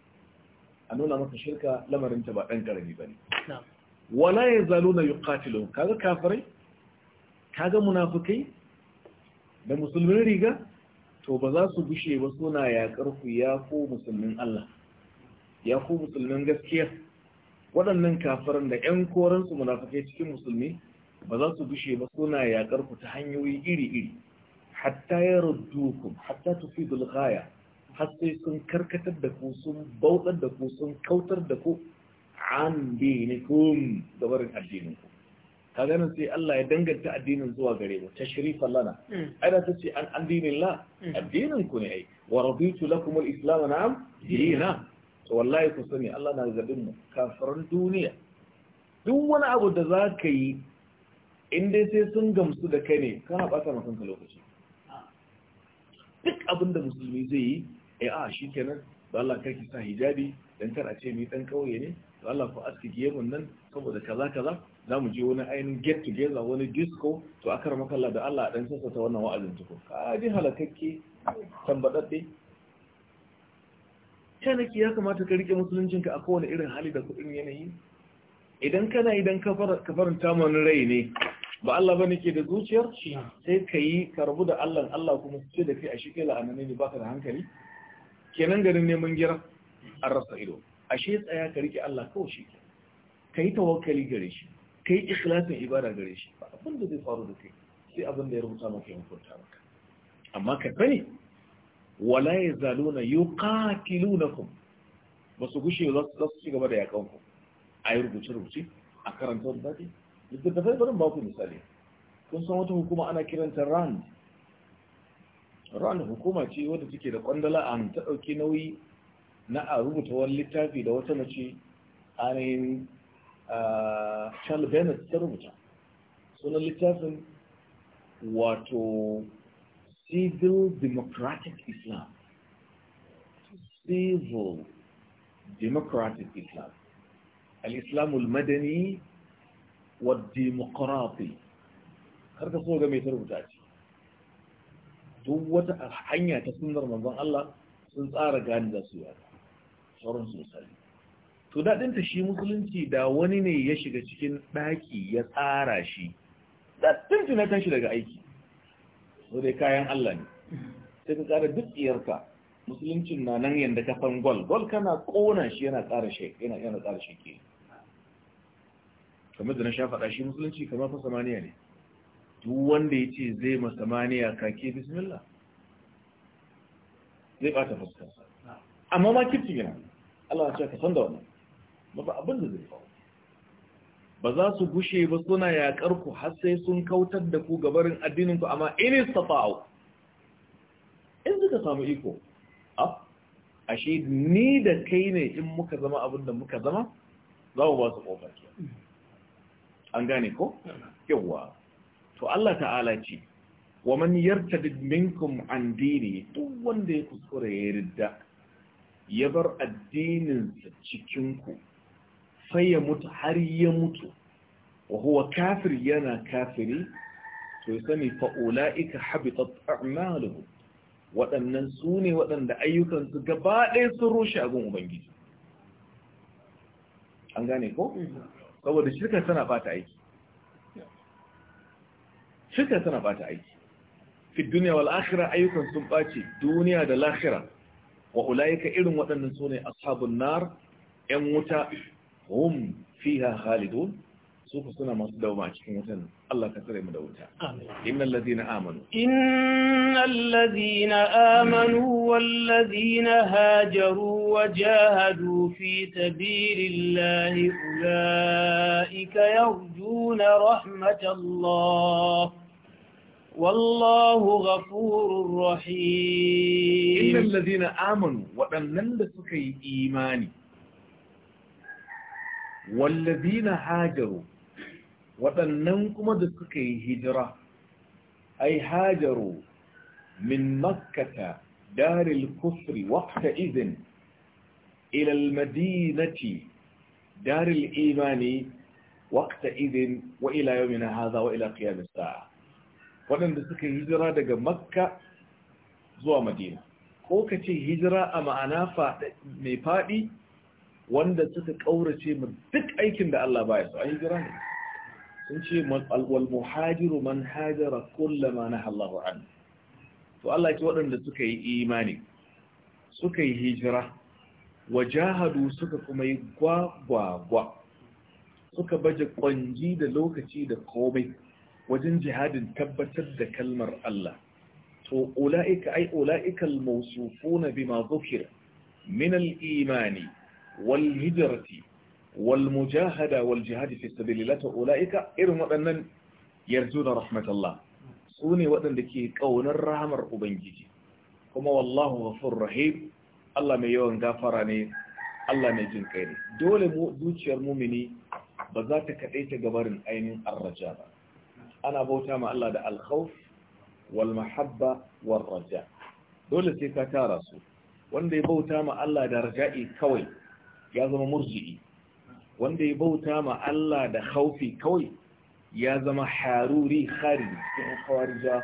Speaker 1: a nuna maka shirka lamarin ta ba ɗan ƙarami ba ne wala ya zalo na yukatilo kaga kafirai kaga munafukai da musulmin riga to ba za su gushe ba suna yaƙar ku ya ko musulmin Allah ya ko musulmin gaskiya waɗannan kafirin da ƴan koransu munafukai cikin musulmi ba za su gushe ba suna yakar ku ta hanyoyi iri-iri hatta ya ruddukum hatta fi ghaya har sai sun karkatar da ku sun bautar da ku sun kautar da ku an dinikum gabarin addinin ku kaga nan sai Allah ya danganta addinin zuwa gare mu tashrifa lana mm. ai da tace an addinin la mm. addinin ku ne ai wa raditu lakum al-islam na'am dina to wallahi ku sani Allah na zabin mu kafiran duniya duk wani abu da ka yi in dai sai sun gamsu da kai ne kana bata ma kanka lokaci duk abin da musulmi zai yi eh a shi kenan da Allah kake sa hijabi dan kar a ce ni dan kauye ne da Allah ku aski gemun nan saboda kaza kaza za mu je wani ainihin get together wani disco to akar makalla da Allah dan sassa ta wannan wa'azin tuko ka ji halakakke tambadadde ta ki ya kamata ka rike musuluncinka a kowane irin hali da kudin yanayi idan kana idan ka faranta mana rai ne ba Allah bane ke da zuciyar sai ka yi karbu da Allah Allah kuma ce da kai a shi kai la'anane ne baka da hankali kenan garin neman gira an rasa ido ashe tsaya ka rike Allah kawai shi ka yi tawakkali gare shi ka yi ikhlasin ibada gare shi ba abin da zai faru da kai sai abin da ya rubuta maka ya furta maka amma ka sani wala yazaluna yuqatilunakum basu gushe za su ci gaba da yakan ku a yi rubuce-rubuce a karanta duk littattafai barin ba ku misali kun san wata hukuma ana kiranta rand rand hukuma ce wadda take da kwandala a ta ɗauki nauyi na a rubuta wani littafi da wata mace a ainihin charles bennett ta rubuta sunan littafin wato civil democratic islam civil democratic islam al islamul madani wa demokrati har ka so ga mai tarbuta ce duk wata hanya ta sunnar manzon Allah sun tsara gani da su yada sauran sosai to daɗinta shi musulunci da wani ne ya shiga cikin ɗaki ya tsara shi da tuntuna kan shi daga aiki so dai kayan Allah ne sai ka tsara duk iyarka musuluncin na nan yadda ka san gol gol kana ƙona shi yana tsara shi yana tsara shi ke kamar da na sha faɗa shi musulunci kamar fa samaniya ne duk wanda ya ce zai ma samaniya kake bismillah zai ɓata fuska. amma ma kirki yana Allah ce ka san da wannan ba ba abin da zai faru ba za su gushe ba suna yaƙar ku har sai sun kautar da ku gabarin addinin ku amma in istata'u in suka samu iko a ashe ni da kai ne in muka zama abin da muka zama za mu ba su ƙofar an gane ko yawa to Allah ta'ala ce wa man yartadid minkum an dini duk wanda ya kuskura ya ridda ya bar addinin sa cikin ku sai ya mutu har ya mutu wa huwa kafir yana kafiri to ya sani fa ulaika habitat a'maluhum waɗannan su ne waɗanda ayyukansu gaba ɗaya sun rushe a gun ubangiji an gane ko mm-hmm. saboda shirka tana bata aiki shirka tana bata aiki fi duniya wal ayyukan sun bace duniya da lahira wa ulaika irin waɗannan sune ashabun nar yan wuta hum fiha khalidun su ku suna masu dauma cikin wutan Allah ka tsare mu da wuta innal ladina amanu
Speaker 2: innal ladina amanu wal ladina hajaru wajahadu fi sabilillahi ulaika yarjuna rahmatallah والله غفور رحيم
Speaker 1: إن الذين آمنوا وأنن لسكي إيماني والذين هاجروا waɗannan kuma da suka yi hijira ai hajaru min makkata daril kufri waqta izin ilal madinati, daril imani waqta izin wa ila yawmina hadha wa ila qiyam saa waɗanda suka hijira daga makka zuwa madina ko ka ce hijira a ma'ana mai faɗi wanda suka ƙaurace mu duk aikin da Allah baya so a hijira ne sun ce wal muhajiru man hajara kullama na Allah an to Allah ce waɗanda suka yi imani suka yi hijira wajahadu suka kuma yi gwagwagwa suka baje ƙwanji da lokaci da komai wajen jihadin tabbatar da kalmar Allah to ula'ika ai ula'ikal mawsufuna bima dhukira min al-imani wal hijrati wal mujahada wal jihadi fi sabilillah ta ulaika irin waɗannan yarju da rahmatullah su ne waɗanda ke ƙaunar rahmar ubangiji kuma wallahu ghafur rahim Allah mai yawan gafara ne Allah mai jin kai ne dole mu zuciyar mumini ba za ta kaɗaita gabarin ainihin arraja ba ana bauta ma Allah da alkhawf wal mahabba wal dole sai ka tara su wanda ya bauta ma Allah da raja'i kawai ya zama murji'i wanda ya bauta ma Allah da haufi kawai ya zama haruri khari cikin kawarja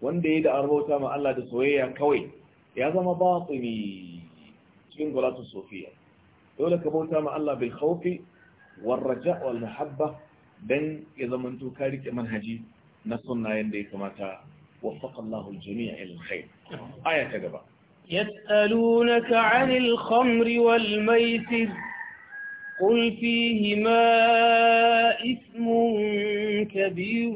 Speaker 1: wanda ya da arbauta ma Allah da soyayya kawai ya zama batini cikin gulatu sofiya dole ka bauta ma Allah bil haufi wal raja wal muhabba dan ya zama to ka rike manhaji na sunna yanda ya kamata وفق الله الجميع إلى الخير آية كذبة
Speaker 2: يسألونك عن الخمر والميسر قل فيهما إثم كبير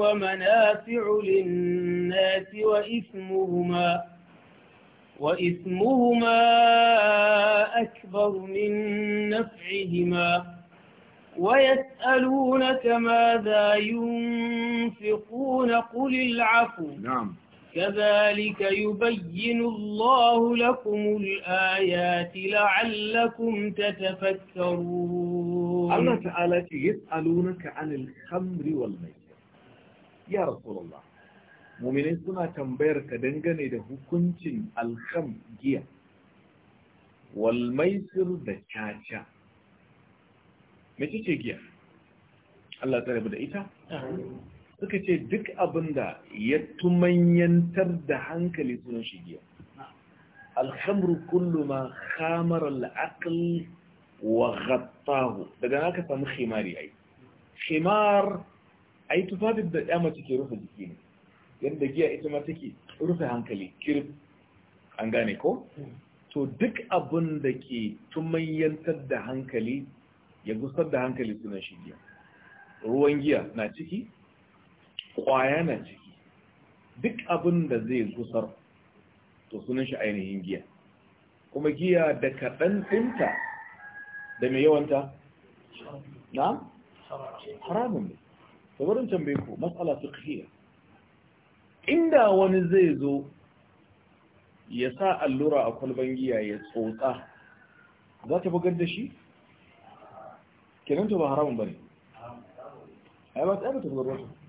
Speaker 2: ومنافع للناس وإثمهما وإثمهما أكبر من نفعهما ويسألونك ماذا ينفقون قل العفو نعم كذلك يبين الله لكم الآيات لعلكم تتفكرون الله تعالى يسألونك عن الخمر والميسر
Speaker 1: يا رسول الله مؤمنين سنة تنبيرك دنغني ده كنتم الخمر جيا والميسر دكاشا متى تجيا الله تعالى بدأ إيتا؟ آه. suka ce duk abinda ya tumanyantar da hankali sunan shi giya alhamru kullu ma khamar al'aql wa ghattahu daga haka samu khimari ai khimar ai tufafin da ya mace ke rufe jiki ne yadda giya ita ma take rufe hankali kirif an gane ko to duk abin da ke tumanyantar da hankali ya gusar da hankali suna shi giya ruwan giya na ciki kwaya na ciki duk abin da zai gusar to sunan shi ainihin giya kuma giya da kaɗan ɗinta da mai yawanta na haramun ne saboda tambaye ku matsala fiqhiyya inda wani zai zo ya sa allura a kwalban giya ya tsotsa za ta bugar da shi kenan to ba haramun bane ai ba ta bugar da shi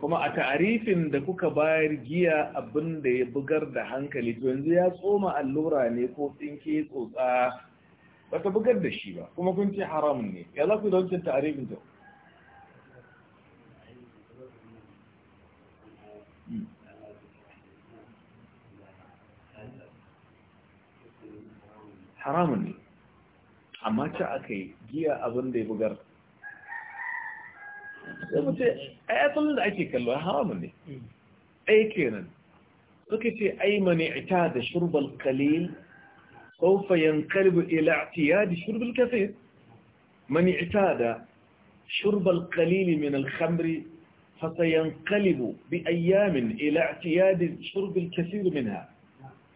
Speaker 1: kuma a ta'arifin da kuka bayar giya abin da ya bugar da hankali to yanzu ya tsoma allura ne ko tsinke tsotsa ba ta bugar da shi ba kuma kun ce haramun ne ya za ku da wancan ta'arifin da haramun ne amma ci aka yi giya abin da ya bugar sai mu ce ai asalin da ake kallo haramun ne ai kenan suka ce ai mani ita da shurbal kalil saufa yankalbu ila atiya da shurbal kafir mani ita da shurbal kalil min alhamri فسينقلب بأيام إلى اعتياد شرب الكثير منها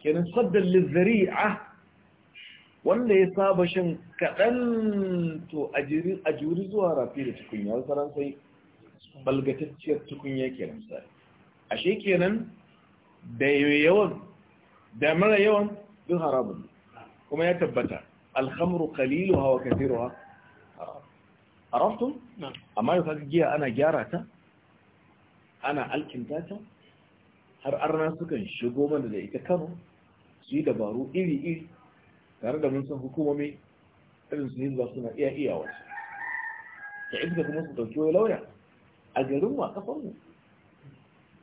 Speaker 1: كان صدا للذريعة wanda ya saba shin kaɗan to a juri zuwa rafi da tukunya wasu balgatacciyar tukunya ke misali ashe kenan da yawan da mara yawan duk haramun kuma ya tabbata alhamru kalilu hawa kasiruwa arabtun amma yau kaga giya ana gyara ta ana alkinta ta har arna sukan shigo mana da ita kano su yi dabaru iri-iri tare da mun san hukumomi irin su hizba suna iya iya wasu ta ibda kuma su ɗauki wai lauya a garin wa kafar mu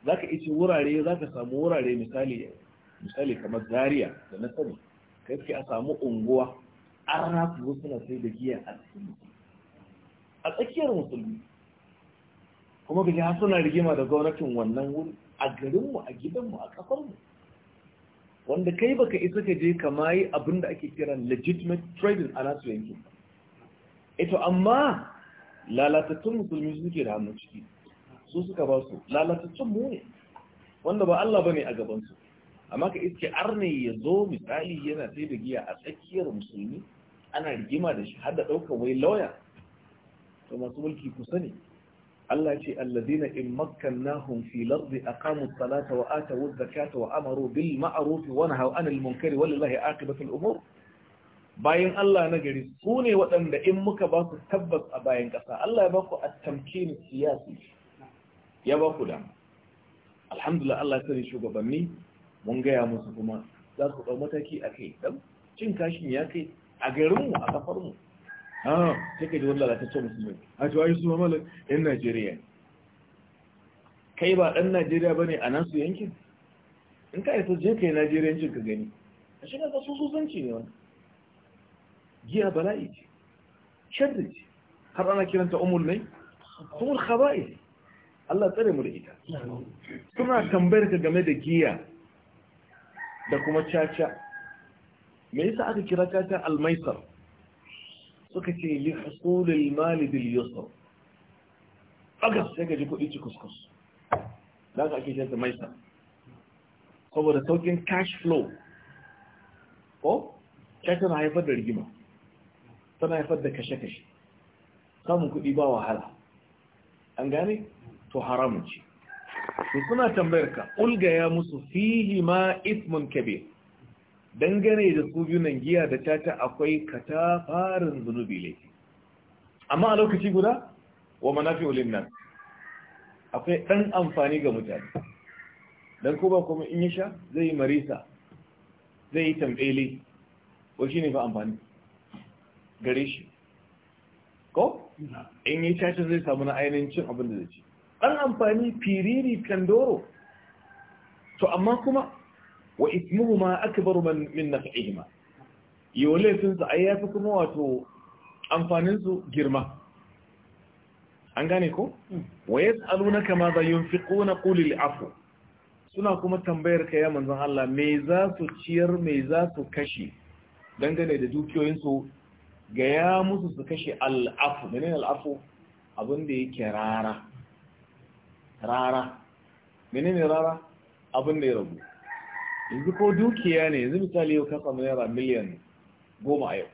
Speaker 1: za ka ice wurare za ka samu wurare misali misali kamar zaria da na sani ka yake a samu unguwa an rafu suna sai da giya a cikin a tsakiyar musulmi kuma ga suna rigima da gwamnatin wannan wuri a garinmu a gidanmu a mu wanda kai baka isa ka je ka yi abin da ake kiran legitimate trading a nasu yankin ito amma lalatattun musulmi suke da hannun ciki su suka ba su lalatattun mu ne wanda ba Allah ba ne a gabansu amma ka iske arne ya zo misali yana sai da giya a tsakiyar musulmi ana rigima da shi har da ɗaukar wai lauya to masu mulki kusa ne. Allah ce alladina in makkannahum fil ardi aqamu as-salata wa atu zakata wa amaru bil ma'ruf wa nahaw 'anil munkari wallahi aqibatu umur bayan Allah na gari su ne waɗanda in muka ba su tabbas a bayan ƙasa Allah ya ba ku at siyasi ya ba ku dama alhamdulillah Allah sani shugabanni mun gaya musu kuma za ku ɗau mataki a kai cin kashin ya kai a garinmu a kafarmu ah take da wallahi ta ce musulmi a to ai su mamalan yan Najeriya kai ba ɗan Najeriya ba ne, a nan su yankin in ka isa je kai Najeriya Najeriyancin ka gani a shi ka su suzanci ne wannan giya bala'i ce sharri ce har ana kiranta umul mai umul ne. Allah tsare mu da ita suna tambayar ka game da giya da kuma caca me yasa aka kira caca almaisar suka ce li husulil mali bil yusr aka sai ka ji ci kuskus da ka ake shanta maisa saboda saukin cash flow ko ta tana haifar da rigima tana haifar da kashe-kashe samun kuɗi ba wahala an gane to haramun ce su suna tambayar ka ulga ya musu fihi ma ismun kabir dangane da su biyu nan giya da tata akwai katafarin zunubi laifi amma a lokaci guda wa manafi nan akwai ɗan amfani ga mutane don ko ba kuma in yi sha zai yi marisa zai yi tambele ko shi ne fa amfani gare shi ko in yi sha zai samu na ainihin cin abin da zai ci ɗan amfani firiri kandoro to amma kuma wa ismuhu ma akbaru man min naf'ihima yo laifin su ai yafi kuma wato amfanin su girma an gane ko mm. wa yas'aluna kama za yunfiquna qul lil afu suna kuma tambayar ka ya manzon Allah me za su ciyar me za su kashe dangane da dukiyoyin su ga ya musu su kashe al'afu menene al'afu abin da yake rara rara menene rara abin da ya rabu yanzu ko dukiya ne yanzu misali yau ka samu naira miliyan goma yau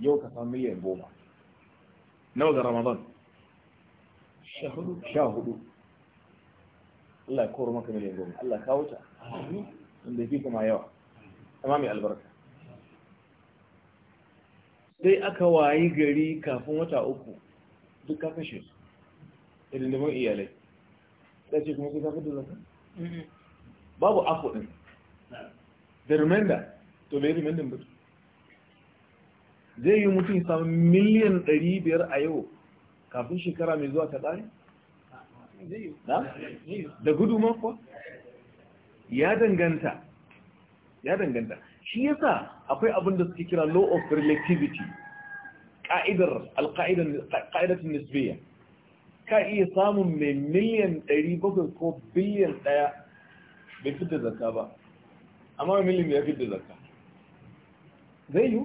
Speaker 1: yau ka samu miliyan goma nawa ga ramadan sha hudu Allah ya koro maka miliyan goma Allah ka wuta inda fi kuma yawa amma mai albarka sai aka wayi gari kafin wata uku duk ka kashe su idan da iyalai sai ce kuma sai ka fito zaka babu afo din? Da remainder to bai remainder ba zai yi mutum samun miliyan 500 a yau kafin shekara mai zuwa ta tsari? da gudu mako? ya danganta ya danganta shi yasa akwai abin da suke kira law of relativity ka'idar alka'idatun nisbiya ka iya samun mai miliyan 700 ko biliyan ɗaya bai fitar zarka ba amma milim ya fitar zarka zai yi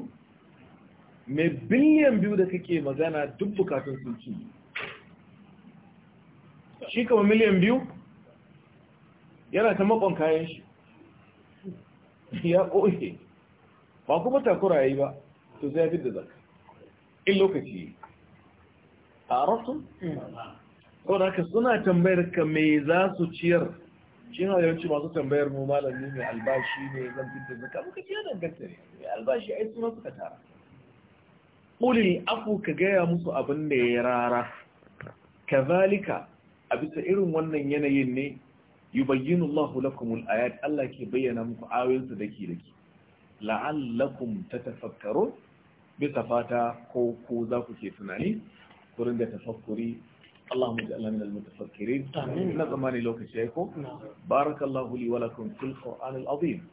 Speaker 1: mai biliyan biyu da kake magana duk bukatun sun ci
Speaker 3: shi kama miliyan biyu
Speaker 1: yana ta makon kayan shi ya ƙohe ba kuma takura ya yi ba to zai fi da zaka in lokaci a rasu? Hmm. saboda haka suna tambayar ka mai za su ciyar shi na yawanci masu tambayar mu malami mai albashi ne zan fitar zaka muka ji yana ganta ne albashi ai suna suka tara Kuli afu ka gaya musu abin da ya rara kazalika a bisa irin wannan yanayin ne yubayyinu Allahu lakum al-ayat Allah ke bayyana muku awinsu dake dake ta tafakkaru bisa fata ko ko za ku ke tunani kurin da tafakkuri Allah mu ji alamin al-mutafakiri. Na zamani lokaci ya ku? Barak Allah li wa lakum fil Qur'an azim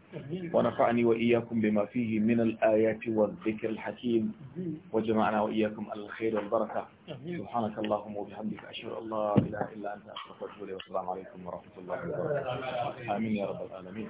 Speaker 1: Wa nafa'ani wa iyyakum bima fihi min al-ayati wa dhikr al-hakim. Wa jama'ana wa iyyakum al baraka. Subhanaka Allahumma wa bihamdika ashhadu an la anta astaghfiruka wa atubu ilayk. Assalamu wa rahmatullahi wa barakatuh. Amin ya rabbal alamin.